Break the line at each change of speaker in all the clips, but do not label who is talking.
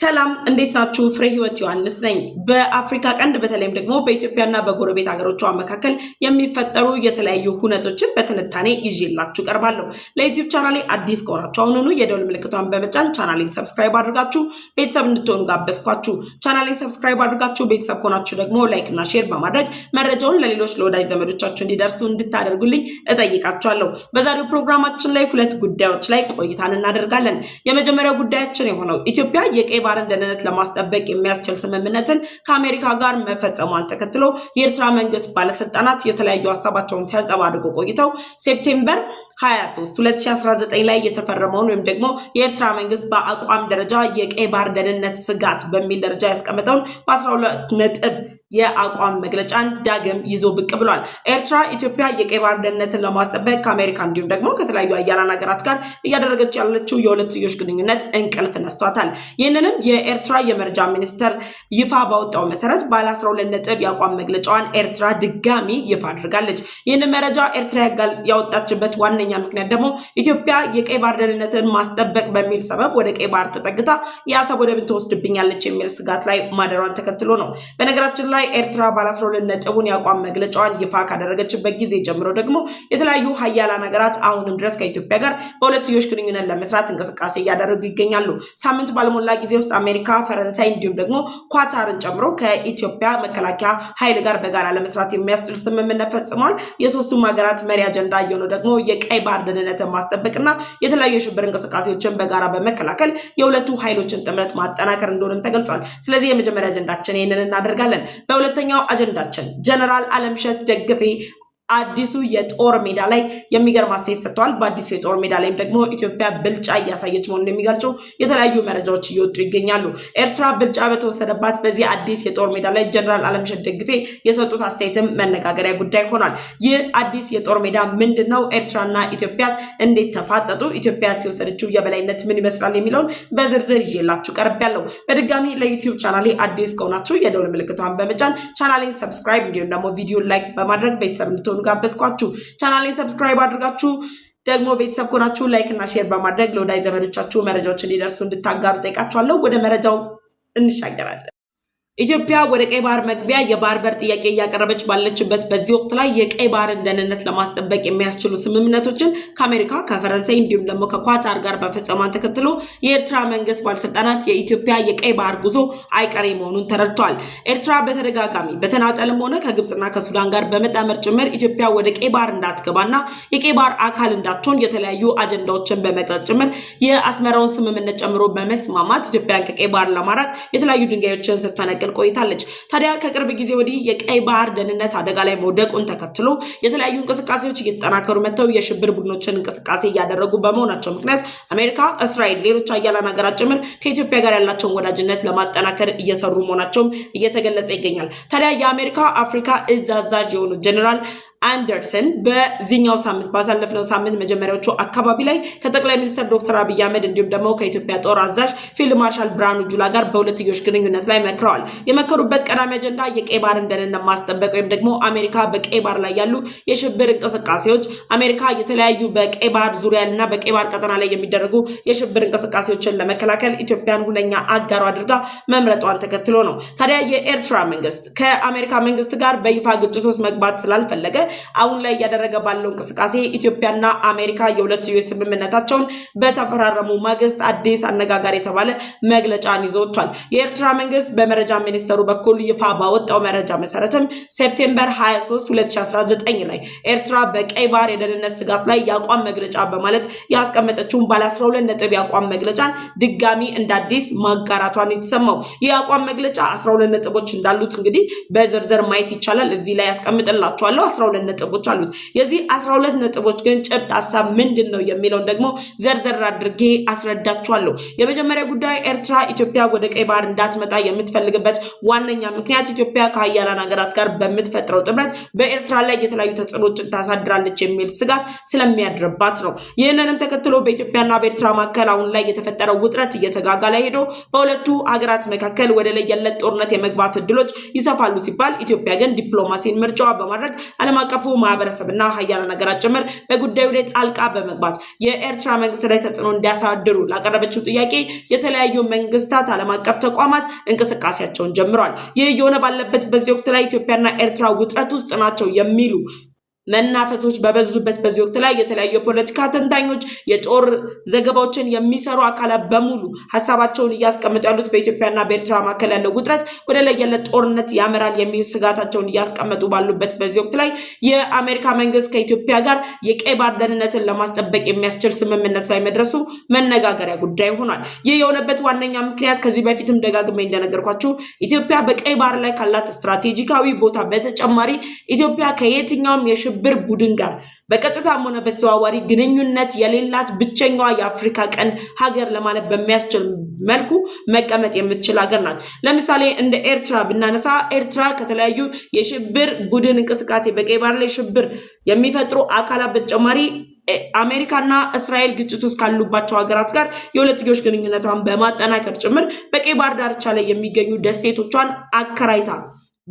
ሰላም እንዴት ናችሁ? ፍሬ ህይወት ዮሐንስ ነኝ። በአፍሪካ ቀንድ በተለይም ደግሞ በኢትዮጵያና በጎረቤት ሀገሮቿ መካከል የሚፈጠሩ የተለያዩ ሁነቶችን በትንታኔ ይዤላችሁ ቀርባለሁ። ለዩቲዩብ ቻናሌ አዲስ ከሆናችሁ አሁኑኑ የደውል ምልክቷን በመጫን ቻናሌን ሰብስክራይብ አድርጋችሁ ቤተሰብ እንድትሆኑ ጋበዝኳችሁ። ቻናሌን ሰብስክራይብ አድርጋችሁ ቤተሰብ ከሆናችሁ ደግሞ ላይክና ሼር በማድረግ መረጃውን ለሌሎች ለወዳጅ ዘመዶቻችሁ እንዲደርሱ እንድታደርጉልኝ እጠይቃችኋለሁ። በዛሬው ፕሮግራማችን ላይ ሁለት ጉዳዮች ላይ ቆይታን እናደርጋለን። የመጀመሪያው ጉዳያችን የሆነው ኢትዮጵያ የቀ የባርን ደህንነት ለማስጠበቅ የሚያስችል ስምምነትን ከአሜሪካ ጋር መፈጸሟን ተከትሎ የኤርትራ መንግስት ባለስልጣናት የተለያዩ ሀሳባቸውን ሲያንጸባርቁ ቆይተው ሴፕቴምበር 23 2019 ላይ የተፈረመውን ወይም ደግሞ የኤርትራ መንግስት በአቋም ደረጃ የቀይ ባህር ደህንነት ስጋት በሚል ደረጃ ያስቀመጠውን በ12 ነጥብ የአቋም መግለጫን ዳግም ይዞ ብቅ ብሏል። ኤርትራ ኢትዮጵያ የቀይ ባህር ደህንነትን ለማስጠበቅ ከአሜሪካ እንዲሁም ደግሞ ከተለያዩ አያላን ሀገራት ጋር እያደረገች ያለችው የሁለትዮሽ ግንኙነት እንቅልፍ ነስቷታል። ይህንንም የኤርትራ የመረጃ ሚኒስቴር ይፋ ባወጣው መሰረት ባለ 12 ነጥብ የአቋም መግለጫዋን ኤርትራ ድጋሚ ይፋ አድርጋለች። ይህንን መረጃ ኤርትራ ያወጣችበት ዋነኛ ዋነኛ ምክንያት ደግሞ ኢትዮጵያ የቀይ ባህር ደህንነትን ማስጠበቅ በሚል ሰበብ ወደ ቀይ ባህር ተጠግታ የአሰብ ወደብን ትወስድብኛለች የሚል ስጋት ላይ ማደሯን ተከትሎ ነው። በነገራችን ላይ ኤርትራ ባለ አስራ ሁለት ነጥቡን የአቋም መግለጫዋን ይፋ ካደረገችበት ጊዜ ጀምሮ ደግሞ የተለያዩ ሀያላን ሀገራት አሁንም ድረስ ከኢትዮጵያ ጋር በሁለትዮሽ ግንኙነት ለመስራት እንቅስቃሴ እያደረጉ ይገኛሉ። ሳምንት ባልሞላ ጊዜ ውስጥ አሜሪካ፣ ፈረንሳይ እንዲሁም ደግሞ ኳታርን ጨምሮ ከኢትዮጵያ መከላከያ ኃይል ጋር በጋራ ለመስራት የሚያስችል ስምምነት ፈጽሟል። የሶስቱም ሀገራት መሪ አጀንዳ የሆነ ደግሞ የቀይ የቀይ ባህር ደህንነትን ማስጠበቅና የተለያዩ የሽብር እንቅስቃሴዎችን በጋራ በመከላከል የሁለቱ ኃይሎችን ጥምረት ማጠናከር እንደሆነም ተገልጿል። ስለዚህ የመጀመሪያ አጀንዳችን ይህንን እናደርጋለን። በሁለተኛው አጀንዳችን ጀነራል አለምሸት ደግፌ አዲሱ የጦር ሜዳ ላይ የሚገርም አስተያየት ሰጥተዋል። በአዲሱ የጦር ሜዳ ላይም ደግሞ ኢትዮጵያ ብልጫ እያሳየች መሆኑን የሚገልጹ የተለያዩ መረጃዎች እየወጡ ይገኛሉ። ኤርትራ ብልጫ በተወሰደባት በዚህ አዲስ የጦር ሜዳ ላይ ጀነራል አለምሸት ደግፌ የሰጡት አስተያየትም መነጋገሪያ ጉዳይ ሆኗል። ይህ አዲስ የጦር ሜዳ ምንድን ነው? ኤርትራና ኢትዮጵያ እንዴት ተፋጠጡ? ኢትዮጵያ የወሰደችው የበላይነት ምን ይመስላል? የሚለውን በዝርዝር ይዤላችሁ ያለው በድጋሚ ለዩቲዩብ ቻናሌ አዲስ ከሆናችሁ የደውል ምልክቷን በመጫን ቻናሌን ሰብስክራይብ እንዲሁም ደግሞ ቪዲዮ ላይክ በማድረግ ቤተሰብ እንድትሆኑ እንድትሆኑ ጋበዝኳችሁ። ቻናሌን ሰብስክራይብ አድርጋችሁ ደግሞ ቤተሰብ ከሆናችሁ ላይክ እና ሼር በማድረግ ለወዳጅ ዘመዶቻችሁ መረጃዎች እንዲደርሱ እንድታጋሩ ጠይቃችኋለሁ። ወደ መረጃው እንሻገራለን። ኢትዮጵያ ወደ ቀይ ባህር መግቢያ የባህር በር ጥያቄ እያቀረበች ባለችበት በዚህ ወቅት ላይ የቀይ ባህርን ደህንነት ለማስጠበቅ የሚያስችሉ ስምምነቶችን ከአሜሪካ ከፈረንሳይ እንዲሁም ደግሞ ከኳታር ጋር በፈጸሟን ተከትሎ የኤርትራ መንግስት ባለስልጣናት የኢትዮጵያ የቀይ ባህር ጉዞ አይቀሬ መሆኑን ተረድተዋል። ኤርትራ በተደጋጋሚ በተናጠልም ሆነ ከግብፅና ከሱዳን ጋር በመጣመር ጭምር ኢትዮጵያ ወደ ቀይ ባህር እንዳትገባና የቀይ ባህር አካል እንዳትሆን የተለያዩ አጀንዳዎችን በመቅረጽ ጭምር የአስመራውን ስምምነት ጨምሮ በመስማማት ኢትዮጵያን ከቀይ ባህር ለማራቅ የተለያዩ ድንጋዮችን ስትፈነቅል ስትናገር ቆይታለች። ታዲያ ከቅርብ ጊዜ ወዲህ የቀይ ባህር ደህንነት አደጋ ላይ መውደቁን ተከትሎ የተለያዩ እንቅስቃሴዎች እየተጠናከሩ መጥተው የሽብር ቡድኖችን እንቅስቃሴ እያደረጉ በመሆናቸው ምክንያት አሜሪካ፣ እስራኤል፣ ሌሎች አያላን ሀገራት ጭምር ከኢትዮጵያ ጋር ያላቸውን ወዳጅነት ለማጠናከር እየሰሩ መሆናቸውም እየተገለጸ ይገኛል። ታዲያ የአሜሪካ አፍሪካ እዝ አዛዥ የሆኑት ጀኔራል አንደርሰን በዚህኛው ሳምንት ባሳለፍነው ሳምንት መጀመሪያዎቹ አካባቢ ላይ ከጠቅላይ ሚኒስትር ዶክተር አብይ አህመድ እንዲሁም ደግሞ ከኢትዮጵያ ጦር አዛዥ ፊልድ ማርሻል ብርሃኑ ጁላ ጋር በሁለትዮሽ ግንኙነት ላይ መክረዋል። የመከሩበት ቀዳሚ አጀንዳ የቀይ ባህርን ደህንነት ማስጠበቅ ወይም ደግሞ አሜሪካ በቀይ ባህር ላይ ያሉ የሽብር እንቅስቃሴዎች አሜሪካ የተለያዩ በቀይ ባህር ዙሪያ እና በቀይ ባህር ቀጠና ላይ የሚደረጉ የሽብር እንቅስቃሴዎችን ለመከላከል ኢትዮጵያን ሁነኛ አጋሩ አድርጋ መምረጧን ተከትሎ ነው። ታዲያ የኤርትራ መንግስት ከአሜሪካ መንግስት ጋር በይፋ ግጭት ውስጥ መግባት ስላልፈለገ አሁን ላይ እያደረገ ባለው እንቅስቃሴ ኢትዮጵያና አሜሪካ የሁለትዮሽ ስምምነታቸውን በተፈራረሙ ማግስት አዲስ አነጋጋሪ የተባለ መግለጫን ይዞ ወጥቷል። የኤርትራ መንግስት በመረጃ ሚኒስተሩ በኩል ይፋ ባወጣው መረጃ መሰረትም ሴፕቴምበር 23 2019 ላይ ኤርትራ በቀይ ባህር የደህንነት ስጋት ላይ የአቋም መግለጫ በማለት ያስቀመጠችውን ባለ 12 ነጥብ የአቋም መግለጫን ድጋሚ እንደ አዲስ ማጋራቷን የተሰማው ይህ የአቋም መግለጫ 12 ነጥቦች እንዳሉት እንግዲህ በዝርዝር ማየት ይቻላል። እዚህ ላይ ያስቀምጥላቸዋለሁ 12 ሁለት ነጥቦች አሉት። የዚህ አስራ ሁለት ነጥቦች ግን ጭብጥ ሀሳብ ምንድን ነው የሚለውን ደግሞ ዘርዘር አድርጌ አስረዳችኋለሁ። የመጀመሪያ ጉዳይ ኤርትራ ኢትዮጵያ ወደ ቀይ ባህር እንዳትመጣ የምትፈልግበት ዋነኛ ምክንያት ኢትዮጵያ ከሀያላን ሀገራት ጋር በምትፈጥረው ጥምረት በኤርትራ ላይ የተለያዩ ተጽዕኖችን ታሳድራለች የሚል ስጋት ስለሚያድርባት ነው። ይህንንም ተከትሎ በኢትዮጵያና በኤርትራ መካከል አሁን ላይ የተፈጠረው ውጥረት እየተጋጋለ ሄዶ በሁለቱ ሀገራት መካከል ወደ ለየለት ጦርነት የመግባት እድሎች ይሰፋሉ ሲባል ኢትዮጵያ ግን ዲፕሎማሲን ምርጫዋ በማድረግ ዓለም አቀፉ ማህበረሰብና ሀያላን ሀገራት ጭምር በጉዳዩ ላይ ጣልቃ በመግባት የኤርትራ መንግስት ላይ ተጽዕኖ እንዲያሳድሩ ላቀረበችው ጥያቄ የተለያዩ መንግስታት፣ ዓለም አቀፍ ተቋማት እንቅስቃሴያቸውን ጀምረዋል። ይህ የሆነ ባለበት በዚህ ወቅት ላይ ኢትዮጵያና ኤርትራ ውጥረት ውስጥ ናቸው የሚሉ መናፈሶች በበዙበት በዚህ ወቅት ላይ የተለያዩ የፖለቲካ ተንታኞች፣ የጦር ዘገባዎችን የሚሰሩ አካላት በሙሉ ሀሳባቸውን እያስቀመጡ ያሉት በኢትዮጵያና በኤርትራ መካከል ያለው ውጥረት ወደ ለየለት ጦርነት ያመራል የሚል ስጋታቸውን እያስቀመጡ ባሉበት በዚህ ወቅት ላይ የአሜሪካ መንግስት ከኢትዮጵያ ጋር የቀይ ባህር ደህንነትን ለማስጠበቅ የሚያስችል ስምምነት ላይ መድረሱ መነጋገሪያ ጉዳይ ሆኗል። ይህ የሆነበት ዋነኛ ምክንያት ከዚህ በፊትም ደጋግሜ እንደነገርኳችሁ ኢትዮጵያ በቀይ ባህር ላይ ካላት ስትራቴጂካዊ ቦታ በተጨማሪ ኢትዮጵያ ከየትኛውም የሽ ከሽብር ቡድን ጋር በቀጥታም ሆነ በተዘዋዋሪ ግንኙነት የሌላት ብቸኛዋ የአፍሪካ ቀንድ ሀገር ለማለት በሚያስችል መልኩ መቀመጥ የምትችል ሀገር ናት። ለምሳሌ እንደ ኤርትራ ብናነሳ ኤርትራ ከተለያዩ የሽብር ቡድን እንቅስቃሴ በቀይ ባህር ላይ ሽብር የሚፈጥሩ አካላት በተጨማሪ አሜሪካና እስራኤል ግጭት ውስጥ ካሉባቸው ሀገራት ጋር የሁለትዮሽ ግንኙነቷን በማጠናከር ጭምር በቀይ ባህር ዳርቻ ላይ የሚገኙ ደሴቶቿን አከራይታ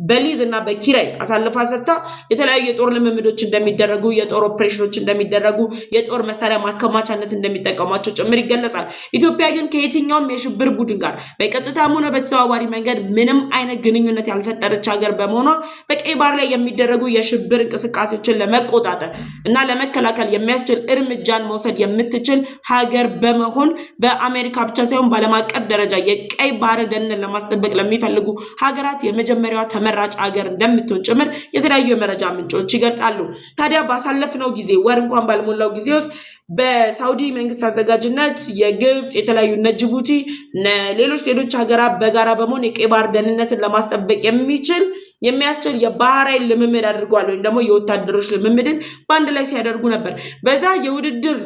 በሊዝ እና በኪራይ አሳልፋ ሰጥታ የተለያዩ የጦር ልምምዶች እንደሚደረጉ የጦር ኦፕሬሽኖች እንደሚደረጉ የጦር መሳሪያ ማከማቻነት እንደሚጠቀሟቸው ጭምር ይገለጻል። ኢትዮጵያ ግን ከየትኛውም የሽብር ቡድን ጋር በቀጥታም ሆነ በተዘዋዋሪ መንገድ ምንም አይነት ግንኙነት ያልፈጠረች ሀገር በመሆኗ በቀይ ባህር ላይ የሚደረጉ የሽብር እንቅስቃሴዎችን ለመቆጣጠር እና ለመከላከል የሚያስችል እርምጃን መውሰድ የምትችል ሀገር በመሆን በአሜሪካ ብቻ ሳይሆን በዓለም አቀፍ ደረጃ የቀይ ባህር ደህንነት ለማስጠበቅ ለሚፈልጉ ሀገራት የመጀመሪያዋ ተመራጭ ሀገር እንደምትሆን ጭምር የተለያዩ የመረጃ ምንጮች ይገልጻሉ። ታዲያ ባሳለፍነው ጊዜ ወር እንኳን ባልሞላው ጊዜ ውስጥ በሳውዲ መንግስት አዘጋጅነት የግብፅ የተለያዩ እነ ጅቡቲ፣ ሌሎች ሌሎች ሀገራት በጋራ በመሆን የቀይ ባህር ደህንነትን ለማስጠበቅ የሚችል የሚያስችል የባህር ኃይል ልምምድ አድርጓል ወይም ደግሞ የወታደሮች ልምምድን በአንድ ላይ ሲያደርጉ ነበር። በዛ የውድድር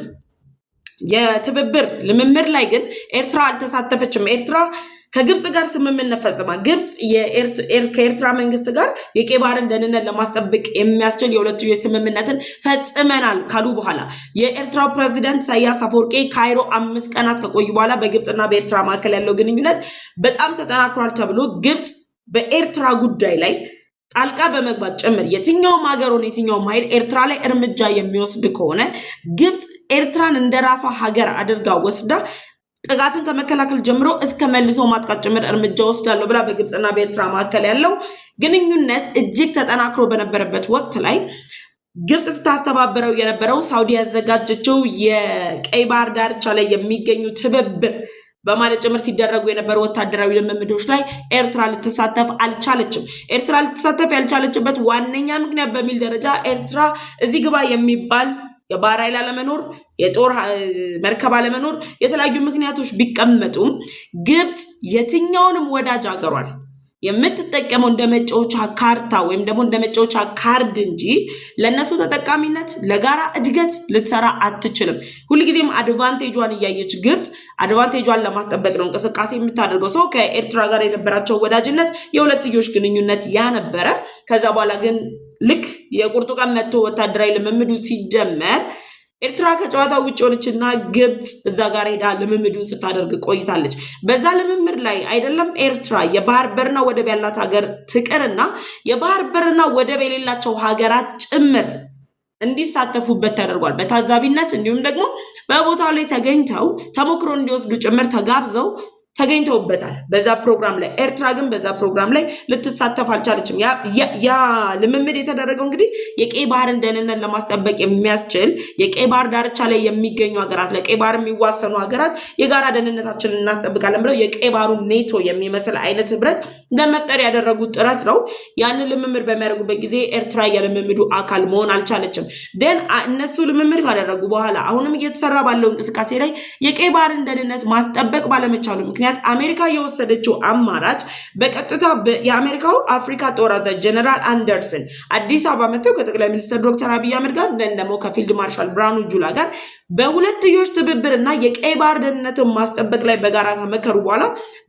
የትብብር ልምምድ ላይ ግን ኤርትራ አልተሳተፈችም። ኤርትራ ከግብፅ ጋር ስምምነት ፈጽማ ግብፅ ከኤርትራ መንግስት ጋር የቀይ ባህርን ደህንነት ለማስጠበቅ የሚያስችል የሁለትዮሽ ስምምነትን ፈጽመናል ካሉ በኋላ የኤርትራው ፕሬዚደንት ኢሳያስ አፈወርቄ ካይሮ አምስት ቀናት ከቆዩ በኋላ በግብፅና በኤርትራ መካከል ያለው ግንኙነት በጣም ተጠናክሯል ተብሎ ግብፅ በኤርትራ ጉዳይ ላይ ጣልቃ በመግባት ጭምር የትኛውም ሀገሩን የትኛውም ኃይል ኤርትራ ላይ እርምጃ የሚወስድ ከሆነ ግብፅ ኤርትራን እንደራሷ ሀገር አድርጋ ወስዳ ጥቃትን ከመከላከል ጀምሮ እስከ መልሶ ማጥቃት ጭምር እርምጃ ወስዳለሁ ብላ በግብፅና በኤርትራ መካከል ያለው ግንኙነት እጅግ ተጠናክሮ በነበረበት ወቅት ላይ ግብፅ ስታስተባበረው የነበረው ሳውዲ ያዘጋጀችው የቀይ ባህር ዳርቻ ላይ የሚገኙ ትብብር በማለት ጭምር ሲደረጉ የነበሩ ወታደራዊ ልምምዶች ላይ ኤርትራ ልትሳተፍ አልቻለችም። ኤርትራ ልትሳተፍ ያልቻለችበት ዋነኛ ምክንያት በሚል ደረጃ ኤርትራ እዚህ ግባ የሚባል የባህር ኃይል አለመኖር፣ የጦር መርከብ አለመኖር፣ የተለያዩ ምክንያቶች ቢቀመጡም ግብፅ የትኛውንም ወዳጅ አገሯል የምትጠቀመው እንደ መጫወቻ ካርታ ወይም ደግሞ እንደ መጫወቻ ካርድ እንጂ ለእነሱ ተጠቃሚነት ለጋራ እድገት ልትሰራ አትችልም። ሁልጊዜም አድቫንቴጇን እያየች ግብፅ አድቫንቴጇን ለማስጠበቅ ነው እንቅስቃሴ የምታደርገው። ሰው ከኤርትራ ጋር የነበራቸው ወዳጅነት የሁለትዮሽ ግንኙነት ያነበረ ከዛ በኋላ ግን ልክ የቁርጡ ቀን መጥቶ ወታደራዊ ልምምዱ ሲጀመር ኤርትራ ከጨዋታ ውጭ ሆነችና ግብፅ እዛ ጋር ሄዳ ልምምዱ ስታደርግ ቆይታለች። በዛ ልምምድ ላይ አይደለም ኤርትራ የባህር በርና ወደብ ያላት ሀገር ትቅርና የባህር በርና ወደብ የሌላቸው ሀገራት ጭምር እንዲሳተፉበት ተደርጓል። በታዛቢነት እንዲሁም ደግሞ በቦታው ላይ ተገኝተው ተሞክሮ እንዲወስዱ ጭምር ተጋብዘው ተገኝተውበታል በዛ ፕሮግራም ላይ። ኤርትራ ግን በዛ ፕሮግራም ላይ ልትሳተፍ አልቻለችም። ያ ልምምድ የተደረገው እንግዲህ የቀይ ባህርን ደህንነት ለማስጠበቅ የሚያስችል የቀይ ባህር ዳርቻ ላይ የሚገኙ ሀገራት ለቀይ ባህር የሚዋሰኑ ሀገራት የጋራ ደህንነታችንን እናስጠብቃለን ብለው የቀይ ባህሩ ኔቶ የሚመስል አይነት ህብረት ለመፍጠር ያደረጉት ጥረት ነው። ያንን ልምምድ በሚያደርጉበት ጊዜ ኤርትራ የልምምዱ አካል መሆን አልቻለችም። ደን እነሱ ልምምድ ካደረጉ በኋላ አሁንም እየተሰራ ባለው እንቅስቃሴ ላይ የቀይ ባህርን ደህንነት ማስጠበቅ ባለመቻሉ ምክንያት አሜሪካ የወሰደችው አማራጭ በቀጥታ የአሜሪካው አፍሪካ ጦር አዛዥ ጀነራል አንደርሰን አዲስ አበባ መጥተው ከጠቅላይ ሚኒስትር ዶክተር አብይ አህመድ ጋር እንደን ደግሞ ከፊልድ ማርሻል ብርሃኑ ጁላ ጋር በሁለትዮሽ ትብብር እና የቀይ ባህር ደህንነትን ማስጠበቅ ላይ በጋራ ከመከሩ በኋላ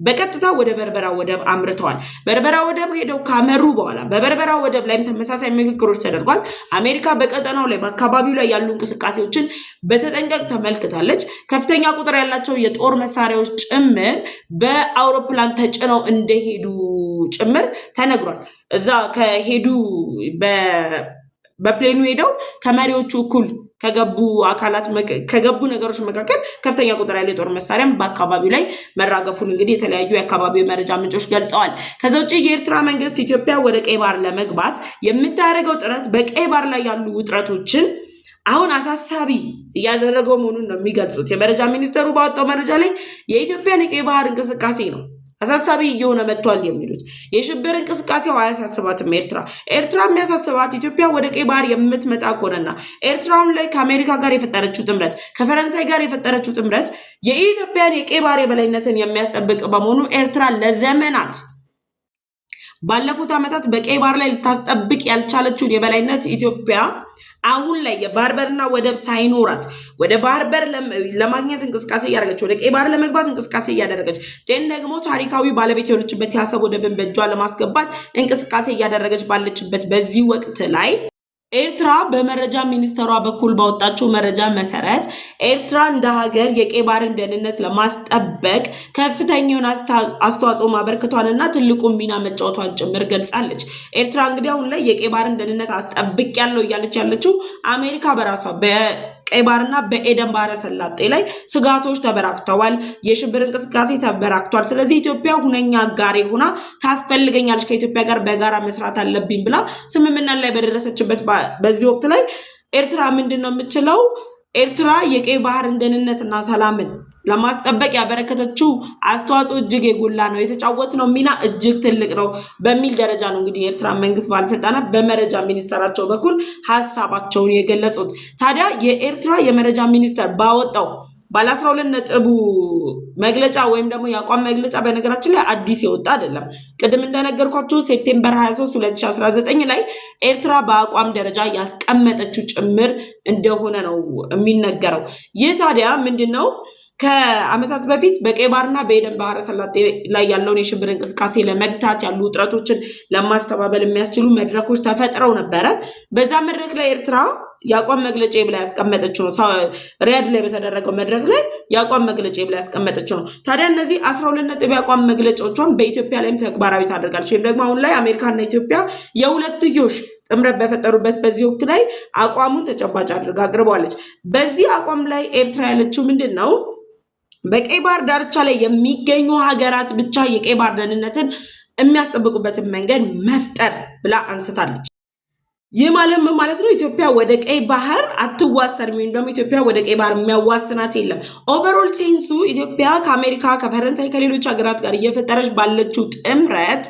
በቀጥታ ወደ በርበራ ወደብ አምርተዋል። በርበራ ወደብ ሄደው ካመሩ በኋላ በበርበራ ወደብ ላይም ተመሳሳይ ምክክሮች ተደርጓል። አሜሪካ በቀጠናው ላይ በአካባቢው ላይ ያሉ እንቅስቃሴዎችን በተጠንቀቅ ተመልክታለች። ከፍተኛ ቁጥር ያላቸው የጦር መሳሪያዎች ጭምር በአውሮፕላን ተጭነው እንደሄዱ ጭምር ተነግሯል። እዛ ከሄዱ በፕሌኑ ሄደው ከመሪዎቹ እኩል ከገቡ አካላት ከገቡ ነገሮች መካከል ከፍተኛ ቁጥር ያለ የጦር መሳሪያም በአካባቢው ላይ መራገፉን እንግዲህ የተለያዩ የአካባቢው መረጃ ምንጮች ገልጸዋል። ከዛ ውጭ የኤርትራ መንግስት ኢትዮጵያ ወደ ቀይ ባህር ለመግባት የምታደርገው ጥረት በቀይ ባህር ላይ ያሉ ውጥረቶችን አሁን አሳሳቢ እያደረገው መሆኑን ነው የሚገልጹት። የመረጃ ሚኒስቴሩ ባወጣው መረጃ ላይ የኢትዮጵያን የቀይ ባህር እንቅስቃሴ ነው አሳሳቢ እየሆነ መጥቷል የሚሉት የሽብር እንቅስቃሴው አያሳስባትም ኤርትራ። ኤርትራ የሚያሳስባት ኢትዮጵያ ወደ ቀይ ባህር የምትመጣ ከሆነና ኤርትራውን ላይ ከአሜሪካ ጋር የፈጠረችው ጥምረት፣ ከፈረንሳይ ጋር የፈጠረችው ጥምረት የኢትዮጵያን የቀይ ባህር የበላይነትን የሚያስጠብቅ በመሆኑ ኤርትራ ለዘመናት ባለፉት ዓመታት በቀይ ባህር ላይ ልታስጠብቅ ያልቻለችውን የበላይነት ኢትዮጵያ አሁን ላይ የባህር በርና ወደብ ሳይኖራት ወደ ባህር በር ለማግኘት እንቅስቃሴ እያደረገች ወደ ቀይ ባህር ለመግባት እንቅስቃሴ እያደረገች ን ደግሞ ታሪካዊ ባለቤት የሆነችበት የአሰብ ወደብን በእጇ ለማስገባት እንቅስቃሴ እያደረገች ባለችበት በዚህ ወቅት ላይ ኤርትራ በመረጃ ሚኒስቴሯ በኩል ባወጣችው መረጃ መሰረት ኤርትራ እንደ ሀገር የቀይ ባህርን ደህንነት ለማስጠበቅ ከፍተኛውን አስተዋጽኦ ማበርክቷንና ትልቁን ሚና መጫወቷን ጭምር ገልጻለች። ኤርትራ እንግዲህ አሁን ላይ የቀይ ባህርን ደህንነት አስጠብቅ ያለው እያለች ያለችው አሜሪካ በራሷ ቀይ ባህርና በኤደን ባህረ ሰላጤ ላይ ስጋቶች ተበራክተዋል። የሽብር እንቅስቃሴ ተበራክቷል። ስለዚህ ኢትዮጵያ ሁነኛ አጋሪ ሆና ታስፈልገኛለች፣ ከኢትዮጵያ ጋር በጋራ መስራት አለብኝ ብላ ስምምነት ላይ በደረሰችበት በዚህ ወቅት ላይ ኤርትራ ምንድን ነው የምችለው? ኤርትራ የቀይ ባህርን ደህንነትና ሰላምን ለማስጠበቅ ያበረከተችው አስተዋጽኦ እጅግ የጎላ ነው፣ የተጫወትነው ሚና እጅግ ትልቅ ነው በሚል ደረጃ ነው እንግዲህ የኤርትራ መንግስት ባለስልጣናት በመረጃ ሚኒስተራቸው በኩል ሀሳባቸውን የገለጹት። ታዲያ የኤርትራ የመረጃ ሚኒስተር ባወጣው ባለ 12 ነጥቡ መግለጫ ወይም ደግሞ የአቋም መግለጫ በነገራችን ላይ አዲስ የወጣ አይደለም። ቅድም እንደነገርኳችሁ ሴፕቴምበር 23 2019 ላይ ኤርትራ በአቋም ደረጃ ያስቀመጠችው ጭምር እንደሆነ ነው የሚነገረው። ይህ ታዲያ ምንድን ነው? ከዓመታት በፊት በቀይ ባህርና በኤደን ባህረ ሰላጤ ላይ ያለውን የሽብር እንቅስቃሴ ለመግታት ያሉ ውጥረቶችን ለማስተባበል የሚያስችሉ መድረኮች ተፈጥረው ነበረ። በዛ መድረክ ላይ ኤርትራ የአቋም መግለጫ ብላ ያስቀመጠችው ነው። ሪያድ ላይ በተደረገው መድረክ ላይ የአቋም መግለጫ ብላ ያስቀመጠችው ነው። ታዲያ እነዚህ አስራ ሁለት ነጥብ የአቋም መግለጫዎቿን በኢትዮጵያ ላይም ተግባራዊ ታደርጋለች። ወይም ደግሞ አሁን ላይ አሜሪካና ኢትዮጵያ የሁለትዮሽ ጥምረት በፈጠሩበት በዚህ ወቅት ላይ አቋሙን ተጨባጭ አድርጋ አቅርበዋለች። በዚህ አቋም ላይ ኤርትራ ያለችው ምንድን ነው? በቀይ ባህር ዳርቻ ላይ የሚገኙ ሀገራት ብቻ የቀይ ባህር ደህንነትን የሚያስጠብቁበትን መንገድ መፍጠር ብላ አንስታለች። ይህ ማለት ምን ማለት ነው? ኢትዮጵያ ወደ ቀይ ባህር አትዋሰርም ወይም ደግሞ ኢትዮጵያ ወደ ቀይ ባህር የሚያዋስናት የለም። ኦቨሮል ሴንሱ ኢትዮጵያ ከአሜሪካ፣ ከፈረንሳይ፣ ከሌሎች ሀገራት ጋር እየፈጠረች ባለችው ጥምረት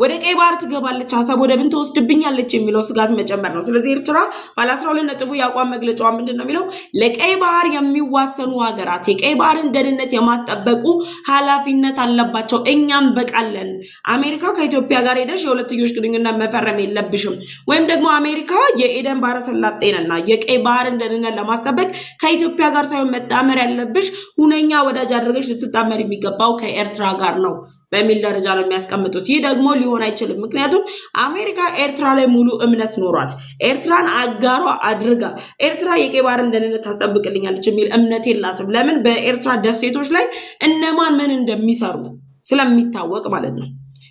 ወደ ቀይ ባህር ትገባለች፣ ሀሳብ ወደብን ትወስድብኛለች የሚለው ስጋት መጨመር ነው። ስለዚህ ኤርትራ ባለ አስራ ሁለት ነጥቡ የአቋም መግለጫዋ ምንድን ነው የሚለው ለቀይ ባህር የሚዋሰኑ ሀገራት የቀይ ባህርን ደህንነት የማስጠበቁ ኃላፊነት አለባቸው። እኛም በቃለን። አሜሪካ ከኢትዮጵያ ጋር ሄደሽ የሁለትዮሽ ግንኙነት መፈረም የለብሽም ወይም ደግሞ አሜሪካ የኤደን ባህረ ሰላጤንና የቀይ ባህርን ደህንነት ለማስጠበቅ ከኢትዮጵያ ጋር ሳይሆን መጣመር ያለብሽ ሁነኛ ወዳጅ አድርገሽ ልትጣመር የሚገባው ከኤርትራ ጋር ነው በሚል ደረጃ ነው የሚያስቀምጡት። ይህ ደግሞ ሊሆን አይችልም። ምክንያቱም አሜሪካ ኤርትራ ላይ ሙሉ እምነት ኖሯት ኤርትራን አጋሯ አድርጋ ኤርትራ የቀይ ባህርን ደህንነት ታስጠብቅልኛለች የሚል እምነት የላትም። ለምን? በኤርትራ ደሴቶች ላይ እነማን ምን እንደሚሰሩ ስለሚታወቅ ማለት ነው።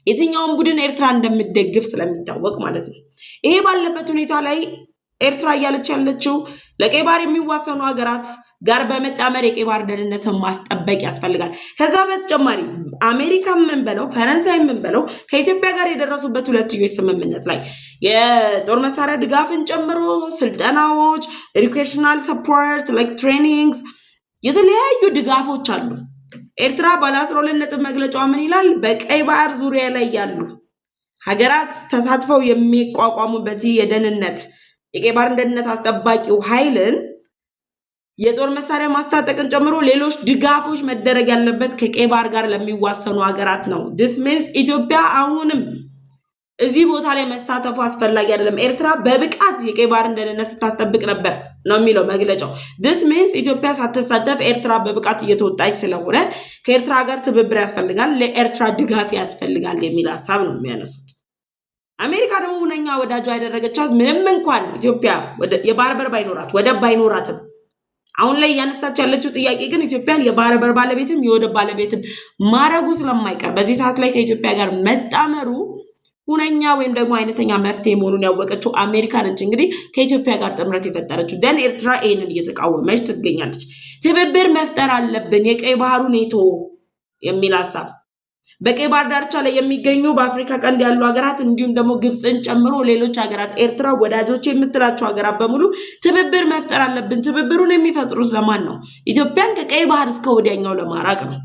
የትኛውን ቡድን ኤርትራ እንደምደግፍ ስለሚታወቅ ማለት ነው። ይሄ ባለበት ሁኔታ ላይ ኤርትራ እያለች ያለችው ለቀይ ባህር የሚዋሰኑ ሀገራት ጋር በመጣመር የቀባር ደህንነትን ማስጠበቅ ያስፈልጋል። ከዛ በተጨማሪ አሜሪካ የምንበለው ፈረንሳይ የምንበለው ከኢትዮጵያ ጋር የደረሱበት ሁለትዮሽ ስምምነት ላይ የጦር መሳሪያ ድጋፍን ጨምሮ ስልጠናዎች፣ ኤዱኬሽናል ሰፖርት ላይክ ትሬኒንግስ፣ የተለያዩ ድጋፎች አሉ። ኤርትራ ባለ አስራ ሁለት ነጥብ መግለጫዋ ምን ይላል? በቀይ ባህር ዙሪያ ላይ ያሉ ሀገራት ተሳትፈው የሚቋቋሙበት የደህንነት የቀይ ባህርን ደህንነት አስጠባቂው ኃይልን የጦር መሳሪያ ማስታጠቅን ጨምሮ ሌሎች ድጋፎች መደረግ ያለበት ከቀይ ባህር ጋር ለሚዋሰኑ ሀገራት ነው። ዲስ ሚንስ ኢትዮጵያ አሁንም እዚህ ቦታ ላይ መሳተፉ አስፈላጊ አይደለም። ኤርትራ በብቃት የቀይ ባህርን ደህንነት ስታስጠብቅ ነበር ነው የሚለው መግለጫው። ዲስ ሚንስ ኢትዮጵያ ሳትሳተፍ ኤርትራ በብቃት እየተወጣች ስለሆነ ከኤርትራ ጋር ትብብር ያስፈልጋል፣ ለኤርትራ ድጋፍ ያስፈልጋል የሚል ሀሳብ ነው የሚያነሱት። አሜሪካ ደግሞ ሁነኛ ወዳጇ ያደረገቻት ምንም እንኳን ኢትዮጵያ የባህር በር ባይኖራት ወደብ ባይኖራትም አሁን ላይ እያነሳች ያለችው ጥያቄ ግን ኢትዮጵያን የባህረ በር ባለቤትም የወደብ ባለቤትም ማድረጉ ስለማይቀር በዚህ ሰዓት ላይ ከኢትዮጵያ ጋር መጣመሩ ሁነኛ ወይም ደግሞ አይነተኛ መፍትሄ መሆኑን ያወቀችው አሜሪካ ነች። እንግዲህ ከኢትዮጵያ ጋር ጥምረት የፈጠረችው ደን ኤርትራ ይህንን እየተቃወመች ትገኛለች። ትብብር መፍጠር አለብን፣ የቀይ ባህሩ ኔቶ የሚል ሀሳብ በቀይ ባህር ዳርቻ ላይ የሚገኙ በአፍሪካ ቀንድ ያሉ ሀገራት እንዲሁም ደግሞ ግብፅን ጨምሮ ሌሎች ሀገራት ኤርትራ ወዳጆች የምትላቸው ሀገራት በሙሉ ትብብር መፍጠር አለብን። ትብብሩን የሚፈጥሩት ለማን ነው? ኢትዮጵያን ከቀይ ባህር እስከ ወዲያኛው ለማራቅ ነው።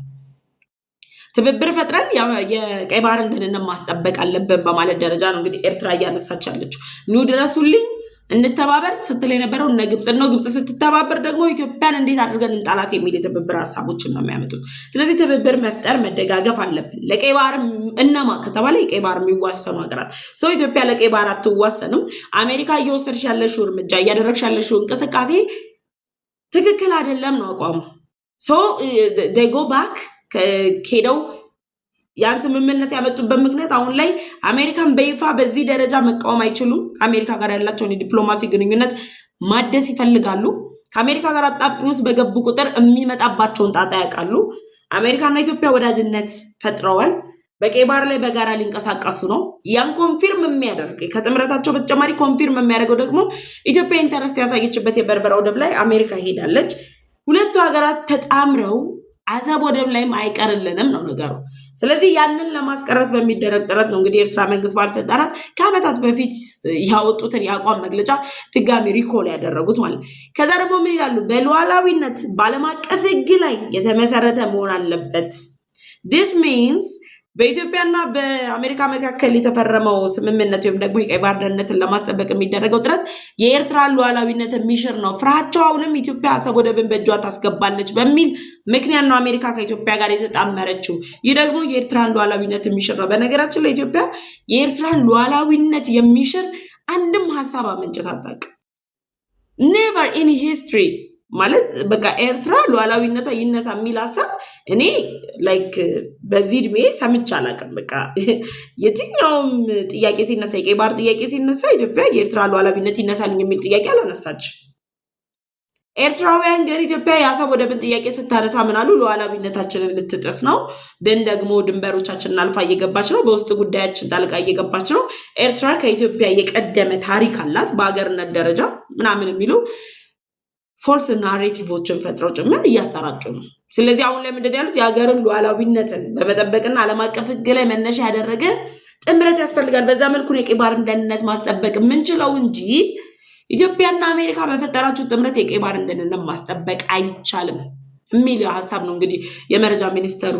ትብብር ፈጥረን የቀይ ባህርን ደህንነት ማስጠበቅ አለብን በማለት ደረጃ ነው እንግዲህ ኤርትራ እያነሳች ያለችው ኑ ድረሱልኝ እንተባበር ስትል የነበረው እነ ግብፅ ነው። ግብፅ ስትተባበር ደግሞ ኢትዮጵያን እንዴት አድርገን እንጣላት የሚል የትብብር ሀሳቦችን ነው የሚያመጡት። ስለዚህ ትብብር መፍጠር መደጋገፍ አለብን። ለቀይ ባህር እነማ ከተባለ የቀይ ባህር የሚዋሰኑ ሀገራት ሰው ኢትዮጵያ ለቀይ ባህር አትዋሰንም። አሜሪካ እየወሰድሽ ያለሽው እርምጃ እያደረግሽ ያለሽው እንቅስቃሴ ትክክል አይደለም ነው አቋሙ። ሶ ዴይ ባክ ሄደው ያን ስምምነት ያመጡበት ምክንያት አሁን ላይ አሜሪካን በይፋ በዚህ ደረጃ መቃወም አይችሉም። ከአሜሪካ ጋር ያላቸውን የዲፕሎማሲ ግንኙነት ማደስ ይፈልጋሉ። ከአሜሪካ ጋር አጣብቂኝ ውስጥ በገቡ ቁጥር የሚመጣባቸውን ጣጣ ያውቃሉ። አሜሪካና ኢትዮጵያ ወዳጅነት ፈጥረዋል። በቀይ ባህር ላይ በጋራ ሊንቀሳቀሱ ነው። ያን ኮንፊርም የሚያደርግ ከጥምረታቸው በተጨማሪ ኮንፊርም የሚያደርገው ደግሞ ኢትዮጵያ ኢንተረስት ያሳየችበት የበርበራ ወደብ ላይ አሜሪካ ሄዳለች። ሁለቱ ሀገራት ተጣምረው አሰብ ወደብ ላይም አይቀርልንም ነው ነገሩ። ስለዚህ ያንን ለማስቀረት በሚደረግ ጥረት ነው እንግዲህ የኤርትራ መንግስት ባለስልጣናት ከአመታት በፊት ያወጡትን የአቋም መግለጫ ድጋሚ ሪኮል ያደረጉት ማለት ነው። ከዛ ደግሞ ምን ይላሉ? በሉዓላዊነት በዓለም አቀፍ ህግ ላይ የተመሰረተ መሆን አለበት ዲስ ሚንስ በኢትዮጵያና በአሜሪካ መካከል የተፈረመው ስምምነት ወይም ደግሞ የቀይ ባህር ደህንነትን ለማስጠበቅ የሚደረገው ጥረት የኤርትራ ሉዓላዊነት የሚሽር ነው። ፍርሃቸው አሁንም ኢትዮጵያ አሰብ ወደብን በእጇ ታስገባለች በሚል ምክንያት ነው አሜሪካ ከኢትዮጵያ ጋር የተጣመረችው። ይህ ደግሞ የኤርትራን ሉዓላዊነት የሚሽር ነው። በነገራችን ለኢትዮጵያ የኤርትራን ሉዓላዊነት የሚሽር አንድም ሀሳብ አመንጨት አታውቅም። ኔቨር ኢን ሂስትሪ ማለት በቃ ኤርትራ ሉዓላዊነቷ ይነሳ የሚል ሀሳብ እኔ ላይክ በዚህ እድሜ ሰምቼ አላውቅም። በቃ የትኛውም ጥያቄ ሲነሳ፣ የቀይ ባህር ጥያቄ ሲነሳ ኢትዮጵያ የኤርትራ ሉዓላዊነት ይነሳልኝ የሚል ጥያቄ አላነሳች። ኤርትራውያን ግን ኢትዮጵያ የአሳ ወደብን ጥያቄ ስታነሳ ምን አሉ? ሉዓላዊነታችንን ልትጥስ ነው፣ ግን ደግሞ ድንበሮቻችንን አልፋ እየገባች ነው፣ በውስጥ ጉዳያችን ጣልቃ እየገባች ነው፣ ኤርትራ ከኢትዮጵያ የቀደመ ታሪክ አላት በሀገርነት ደረጃ ምናምን የሚሉ ፎልስ ናሬቲቮችን ፈጥረው ጭምር እያሰራጩ ነው። ስለዚህ አሁን ላይ ምንድን ያሉት የሀገርን ሉዓላዊነትን በመጠበቅና ዓለም አቀፍ ሕግ ላይ መነሻ ያደረገ ጥምረት ያስፈልጋል። በዛ መልኩ የቀባርን ደህንነት ማስጠበቅ የምንችለው እንጂ ኢትዮጵያና አሜሪካ በፈጠራችሁ ጥምረት የቀባርን ደህንነት ማስጠበቅ አይቻልም የሚል ሀሳብ ነው እንግዲህ የመረጃ ሚኒስተሩ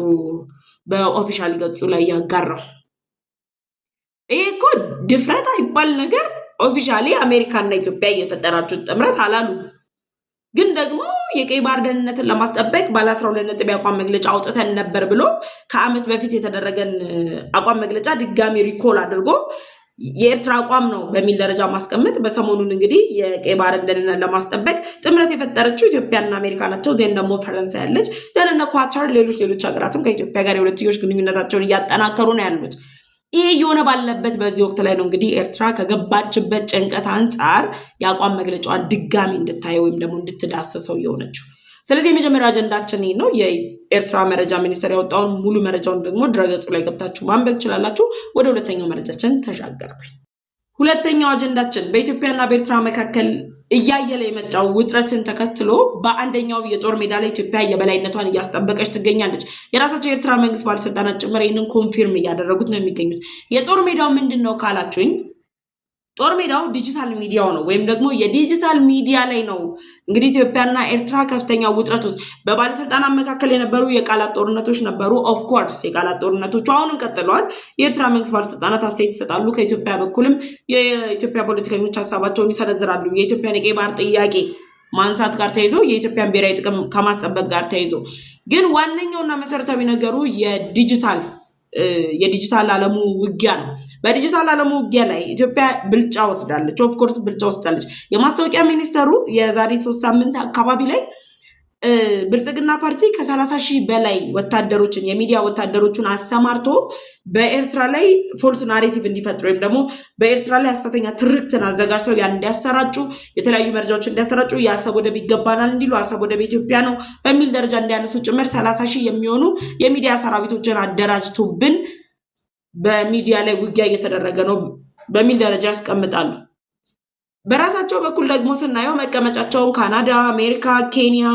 በኦፊሻል ገጹ ላይ ያጋራው። ይህ እኮ ድፍረት አይባል ነገር ኦፊሻሊ አሜሪካና ኢትዮጵያ እየፈጠራችሁት ጥምረት አላሉ ግን ደግሞ የቀይ ባህር ደህንነትን ለማስጠበቅ ባለ አስራ ሁለት ነጥብ የአቋም መግለጫ አውጥተን ነበር ብሎ ከአመት በፊት የተደረገን አቋም መግለጫ ድጋሚ ሪኮል አድርጎ የኤርትራ አቋም ነው በሚል ደረጃ ማስቀመጥ በሰሞኑን እንግዲህ የቀይ ባህርን ደህንነት ለማስጠበቅ ጥምረት የፈጠረችው ኢትዮጵያና አሜሪካ ናቸው። ዜን ደግሞ ፈረንሳይ ያለች ደህንነት ኳቻር ሌሎች ሌሎች ሀገራትም ከኢትዮጵያ ጋር የሁለትዮሽ ግንኙነታቸውን እያጠናከሩ ነው ያሉት። ይሄ እየሆነ ባለበት በዚህ ወቅት ላይ ነው እንግዲህ ኤርትራ ከገባችበት ጭንቀት አንጻር የአቋም መግለጫዋን ድጋሚ እንድታየው ወይም ደግሞ እንድትዳሰሰው የሆነችው ስለዚህ የመጀመሪያ አጀንዳችን ይህ ነው። የኤርትራ መረጃ ሚኒስቴር ያወጣውን ሙሉ መረጃውን ደግሞ ድረገጹ ላይ ገብታችሁ ማንበብ ትችላላችሁ። ወደ ሁለተኛው መረጃችን ተሻገርኩኝ። ሁለተኛው አጀንዳችን በኢትዮጵያና በኤርትራ መካከል እያየለ የመጣው ውጥረትን ተከትሎ በአንደኛው የጦር ሜዳ ላይ ኢትዮጵያ የበላይነቷን እያስጠበቀች ትገኛለች። የራሳቸው የኤርትራ መንግስት ባለስልጣናት ጭምር ይህንን ኮንፊርም እያደረጉት ነው የሚገኙት። የጦር ሜዳው ምንድን ነው ካላችሁኝ ጦር ሜዳው ዲጂታል ሚዲያው ነው ወይም ደግሞ የዲጂታል ሚዲያ ላይ ነው። እንግዲህ ኢትዮጵያና ኤርትራ ከፍተኛ ውጥረት ውስጥ በባለስልጣናት መካከል የነበሩ የቃላት ጦርነቶች ነበሩ። ኦፍኮርስ የቃላት ጦርነቶቹ አሁንም ቀጥለዋል። የኤርትራ መንግስት ባለስልጣናት አስተያየት ይሰጣሉ። ከኢትዮጵያ በኩልም የኢትዮጵያ ፖለቲከኞች ሀሳባቸውን ይሰነዝራሉ። የኢትዮጵያን የቀይ ባህር ጥያቄ ማንሳት ጋር ተይዞ የኢትዮጵያን ብሔራዊ ጥቅም ከማስጠበቅ ጋር ተይዞ ግን ዋነኛውና መሰረታዊ ነገሩ የዲጂታል የዲጂታል ዓለሙ ውጊያ ነው። በዲጂታል ዓለሙ ውጊያ ላይ ኢትዮጵያ ብልጫ ወስዳለች። ኦፍኮርስ ብልጫ ወስዳለች። የማስታወቂያ ሚኒስተሩ የዛሬ ሶስት ሳምንት አካባቢ ላይ ብልጽግና ፓርቲ ከሰላሳ ሺህ በላይ ወታደሮችን የሚዲያ ወታደሮችን አሰማርቶ በኤርትራ ላይ ፎልስ ናሬቲቭ እንዲፈጥሩ ወይም ደግሞ በኤርትራ ላይ ሀሰተኛ ትርክትን አዘጋጅተው ያን እንዲያሰራጩ የተለያዩ መረጃዎች እንዲያሰራጩ የአሰብ ወደብ ይገባናል እንዲሉ አሰብ ወደብ ኢትዮጵያ ነው በሚል ደረጃ እንዲያነሱ ጭምር 30 ሺህ የሚሆኑ የሚዲያ ሰራዊቶችን አደራጅቶብን በሚዲያ ላይ ውጊያ እየተደረገ ነው በሚል ደረጃ ያስቀምጣሉ። በራሳቸው በኩል ደግሞ ስናየው መቀመጫቸውን ካናዳ፣ አሜሪካ፣ ኬንያ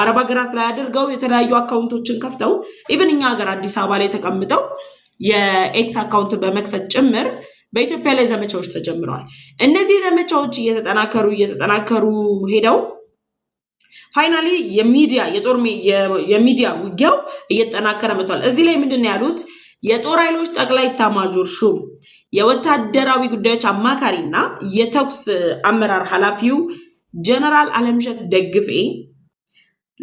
አረብ ሀገራት ላይ አድርገው የተለያዩ አካውንቶችን ከፍተው ኢቨን እኛ ሀገር አዲስ አበባ ላይ ተቀምጠው የኤክስ አካውንት በመክፈት ጭምር በኢትዮጵያ ላይ ዘመቻዎች ተጀምረዋል። እነዚህ ዘመቻዎች እየተጠናከሩ እየተጠናከሩ ሄደው ፋይናሊ የሚዲያ የጦር የሚዲያ ውጊያው እየተጠናከረ መጥቷል። እዚህ ላይ ምንድን ያሉት? የጦር ኃይሎች ጠቅላይ ኤታማዦር ሹም የወታደራዊ ጉዳዮች አማካሪ እና የተኩስ አመራር ኃላፊው ጀነራል አለምሸት ደግፌ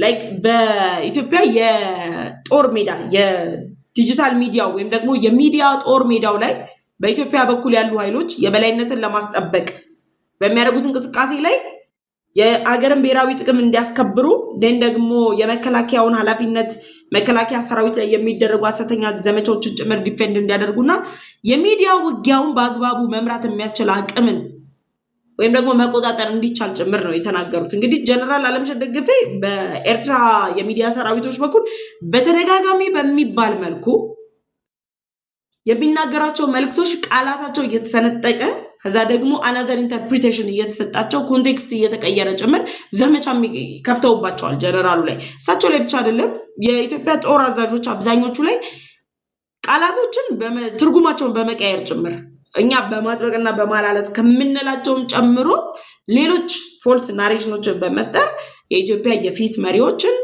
ላይክ በኢትዮጵያ የጦር ሜዳ የዲጂታል ሚዲያ ወይም ደግሞ የሚዲያ ጦር ሜዳው ላይ በኢትዮጵያ በኩል ያሉ ኃይሎች የበላይነትን ለማስጠበቅ በሚያደርጉት እንቅስቃሴ ላይ የአገርን ብሔራዊ ጥቅም እንዲያስከብሩ ደን ደግሞ የመከላከያውን ኃላፊነት መከላከያ ሰራዊት ላይ የሚደረጉ አሰተኛ ዘመቻዎችን ጭምር ዲፌንድ እንዲያደርጉና የሚዲያ ውጊያውን በአግባቡ መምራት የሚያስችል አቅምን ወይም ደግሞ መቆጣጠር እንዲቻል ጭምር ነው የተናገሩት። እንግዲህ ጀነራል አለምሸት ደግፌ በኤርትራ የሚዲያ ሰራዊቶች በኩል በተደጋጋሚ በሚባል መልኩ የሚናገራቸው መልእክቶች ቃላታቸው እየተሰነጠቀ ከዛ ደግሞ አናዘር ኢንተርፕሪቴሽን እየተሰጣቸው ኮንቴክስት እየተቀየረ ጭምር ዘመቻ ከፍተውባቸዋል ጀነራሉ ላይ። እሳቸው ላይ ብቻ አይደለም የኢትዮጵያ ጦር አዛዦች አብዛኞቹ ላይ ቃላቶችን ትርጉማቸውን በመቀየር ጭምር እኛ በማጥበቅና በማላለት ከምንላቸውም ጨምሮ ሌሎች ፎልስ ናሬሽኖችን በመፍጠር የኢትዮጵያ የፊት መሪዎችን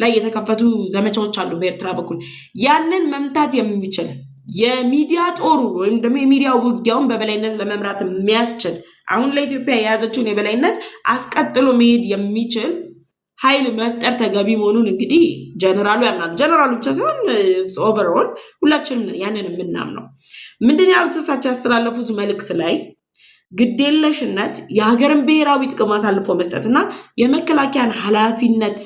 ላይ የተከፈቱ ዘመቻዎች አሉ በኤርትራ በኩል። ያንን መምታት የሚችል የሚዲያ ጦሩ ወይም ደግሞ የሚዲያ ውጊያውን በበላይነት ለመምራት የሚያስችል አሁን ለኢትዮጵያ የያዘችውን የበላይነት አስቀጥሎ መሄድ የሚችል ኃይል መፍጠር ተገቢ መሆኑን እንግዲህ ጀነራሉ ያምናል። ጀነራሉ ብቻ ሲሆን ኦቨርኦል ሁላችንም ያንን የምናምነው ምንድን ያሉት እሳቸው ያስተላለፉት መልእክት ላይ ግዴለሽነት የሀገርን ብሔራዊ ጥቅም አሳልፎ መስጠትና የመከላከያን ኃላፊነት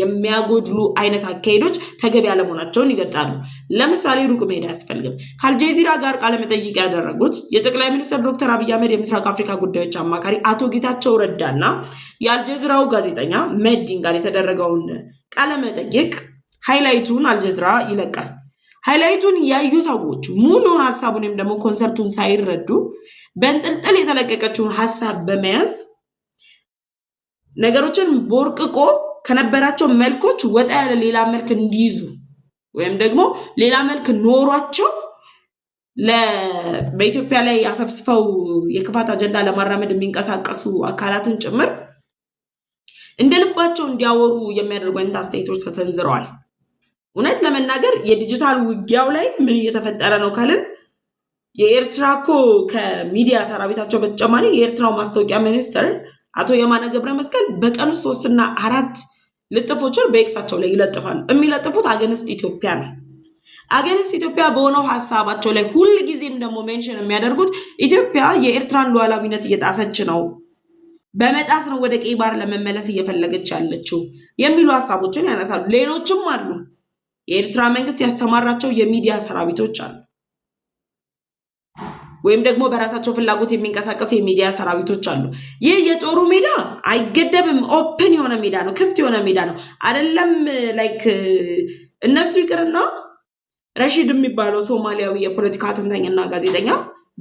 የሚያጎድሉ አይነት አካሄዶች ተገቢ ያለመሆናቸውን ይገልጻሉ። ለምሳሌ ሩቅ መሄድ አያስፈልግም። ከአልጀዚራ ጋር ቃለመጠይቅ ያደረጉት የጠቅላይ ሚኒስትር ዶክተር አብይ አህመድ የምስራቅ አፍሪካ ጉዳዮች አማካሪ አቶ ጌታቸው ረዳና የአልጀዚራው ጋዜጠኛ መዲን ጋር የተደረገውን ቃለመጠይቅ ሃይላይቱን አልጀዚራ ይለቃል። ሃይላይቱን ያዩ ሰዎች ሙሉውን ሀሳቡን ወይም ደግሞ ኮንሰርቱን ሳይረዱ በእንጥልጥል የተለቀቀችውን ሀሳብ በመያዝ ነገሮችን ቦርቅቆ ከነበራቸው መልኮች ወጣ ያለ ሌላ መልክ እንዲይዙ ወይም ደግሞ ሌላ መልክ ኖሯቸው በኢትዮጵያ ላይ አሰብስፈው የክፋት አጀንዳ ለማራመድ የሚንቀሳቀሱ አካላትን ጭምር እንደ ልባቸው እንዲያወሩ የሚያደርጉ አይነት አስተያየቶች ተሰንዝረዋል። እውነት ለመናገር የዲጂታል ውጊያው ላይ ምን እየተፈጠረ ነው ካልን የኤርትራ እኮ ከሚዲያ ሰራዊታቸው በተጨማሪ የኤርትራው ማስታወቂያ ሚኒስትር አቶ የማነ ገብረ መስቀል በቀን ሶስትና አራት ልጥፎችን በኤክሳቸው ላይ ይለጥፋሉ። የሚለጥፉት አገንስት ኢትዮጵያ ነው። አገንስት ኢትዮጵያ በሆነው ሀሳባቸው ላይ ሁልጊዜም ደግሞ ሜንሽን የሚያደርጉት ኢትዮጵያ የኤርትራን ሉዓላዊነት እየጣሰች ነው፣ በመጣስ ነው ወደ ቀይ ባህር ለመመለስ እየፈለገች ያለችው የሚሉ ሀሳቦችን ያነሳሉ። ሌሎችም አሉ። የኤርትራ መንግስት ያስተማራቸው የሚዲያ ሰራዊቶች አሉ። ወይም ደግሞ በራሳቸው ፍላጎት የሚንቀሳቀሱ የሚዲያ ሰራዊቶች አሉ። ይህ የጦሩ ሜዳ አይገደብም። ኦፕን የሆነ ሜዳ ነው፣ ክፍት የሆነ ሜዳ ነው። አይደለም ላይክ እነሱ ይቅርና ረሺድ የሚባለው ሶማሊያዊ የፖለቲካ ተንታኝና ጋዜጠኛ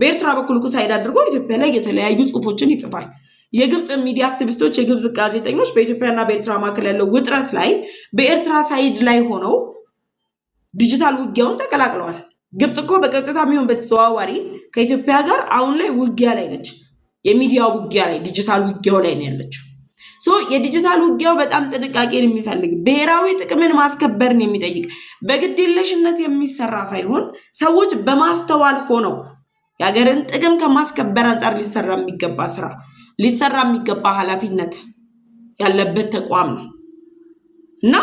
በኤርትራ በኩል ኩሳይድ አድርጎ ኢትዮጵያ ላይ የተለያዩ ጽሁፎችን ይጽፋል። የግብፅ ሚዲያ አክቲቪስቶች፣ የግብፅ ጋዜጠኞች በኢትዮጵያና በኤርትራ መካከል ያለው ውጥረት ላይ በኤርትራ ሳይድ ላይ ሆነው ዲጂታል ውጊያውን ተቀላቅለዋል። ግብፅ እኮ በቀጥታ የሚሆን በተዘዋዋሪ ከኢትዮጵያ ጋር አሁን ላይ ውጊያ ላይ ነች። የሚዲያ ውጊያ ላይ፣ ዲጂታል ውጊያው ላይ ነው ያለችው። የዲጂታል ውጊያው በጣም ጥንቃቄን የሚፈልግ ብሔራዊ ጥቅምን ማስከበርን የሚጠይቅ በግዴለሽነት የሚሰራ ሳይሆን ሰዎች በማስተዋል ሆነው የሀገርን ጥቅም ከማስከበር አንጻር ሊሰራ የሚገባ ስራ ሊሰራ የሚገባ ኃላፊነት ያለበት ተቋም ነው እና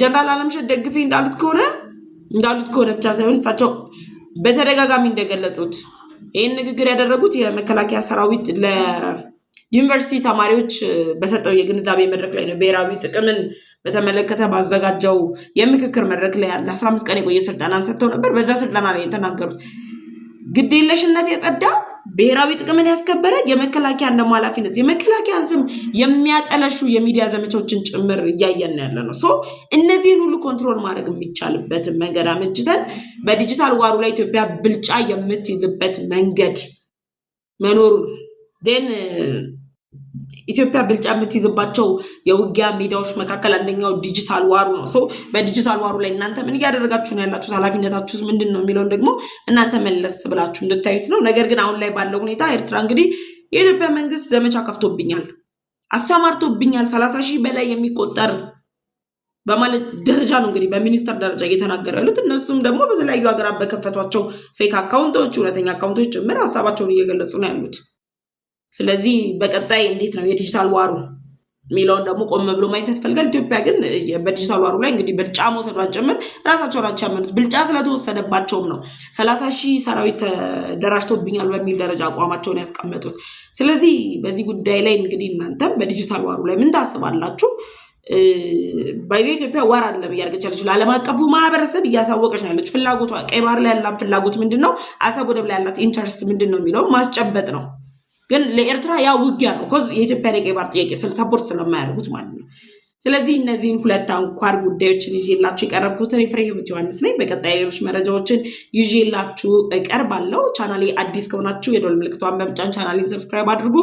ጀነራል አለምሸት ደግፌ እንዳሉት ከሆነ እንዳሉት ከሆነ ብቻ ሳይሆን እሳቸው በተደጋጋሚ እንደገለጹት ይህን ንግግር ያደረጉት የመከላከያ ሰራዊት ለዩኒቨርሲቲ ተማሪዎች በሰጠው የግንዛቤ መድረክ ላይ ነው። ብሔራዊ ጥቅምን በተመለከተ ባዘጋጀው የምክክር መድረክ ላይ ለአስራ አምስት ቀን የቆየ ስልጠናን ሰጥተው ነበር። በዛ ስልጠና ላይ የተናገሩት ግዴለሽነት የጸዳ ብሔራዊ ጥቅምን ያስከበረ የመከላከያ ደግሞ ኃላፊነት የመከላከያን ስም የሚያጠለሹ የሚዲያ ዘመቻዎችን ጭምር እያየን ያለ ነው። ሶ እነዚህን ሁሉ ኮንትሮል ማድረግ የሚቻልበትን መንገድ አመችተን በዲጂታል ዋሩ ላይ ኢትዮጵያ ብልጫ የምትይዝበት መንገድ መኖሩን ኢትዮጵያ ብልጫ የምትይዝባቸው የውጊያ ሜዳዎች መካከል አንደኛው ዲጂታል ዋሩ ነው። ሰው በዲጂታል ዋሩ ላይ እናንተ ምን እያደረጋችሁ ነው ያላችሁት? ኃላፊነታችሁስ ምንድን ነው የሚለውን ደግሞ እናንተ መለስ ብላችሁ እንድታዩት ነው። ነገር ግን አሁን ላይ ባለው ሁኔታ ኤርትራ እንግዲህ የኢትዮጵያ መንግስት ዘመቻ ከፍቶብኛል፣ አሰማርቶብኛል ሰላሳ ሺህ በላይ የሚቆጠር በማለት ደረጃ ነው እንግዲህ በሚኒስተር ደረጃ እየተናገሩ ያሉት። እነሱም ደግሞ በተለያዩ ሀገራት በከፈቷቸው ፌክ አካውንቶች፣ እውነተኛ አካውንቶች ጭምር ሀሳባቸውን እየገለጹ ነው ያሉት። ስለዚህ በቀጣይ እንዴት ነው የዲጂታል ዋሩ የሚለውን ደግሞ ቆም ብሎ ማየት ያስፈልጋል። ኢትዮጵያ ግን በዲጂታል ዋሩ ላይ እንግዲህ ብልጫ መውሰዷን ጭምር ራሳቸው ናቸው ያመኑት። ብልጫ ስለተወሰደባቸውም ነው ሰላሳ ሺህ ሰራዊት ተደራጅቶብኛል በሚል ደረጃ አቋማቸውን ያስቀመጡት። ስለዚህ በዚህ ጉዳይ ላይ እንግዲህ እናንተም በዲጂታል ዋሩ ላይ ምን ታስባላችሁ? በዚ ኢትዮጵያ ወር አይደለም እያደረገች ያለች ለዓለም አቀፉ ማህበረሰብ እያሳወቀች ነው ያለች። ፍላጎቷ ቀይ ባህር ላይ ያላት ፍላጎት ምንድን ነው? አሰብ ወደብ ላይ ያላት ኢንተረስት ምንድን ነው የሚለውን ማስጨበጥ ነው። ግን ለኤርትራ ያ ውጊያ ነው። ኮዝ የኢትዮጵያ የቀይ ባህር ጥያቄ ሰፖርት ስለማያደርጉት ማለት ነው። ስለዚህ እነዚህን ሁለት አንኳር ጉዳዮችን ይዤላችሁ የቀረብኩትን የፍሬ ህይወት ዮሐንስ ነኝ። በቀጣይ ሌሎች መረጃዎችን ይዤላችሁ እቀርባለሁ። ቻናሌ አዲስ ከሆናችሁ የደወል ምልክቷን በመጫን ቻናሌን ሰብስክራይብ አድርጉ።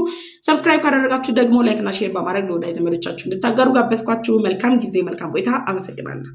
ሰብስክራይብ ካደረጋችሁ ደግሞ ላይክና ሼር በማድረግ ለወዳጅ ዘመዶቻችሁ እንድታጋሩ ጋበዝኳችሁ። መልካም ጊዜ፣ መልካም ቆይታ። አመሰግናለሁ።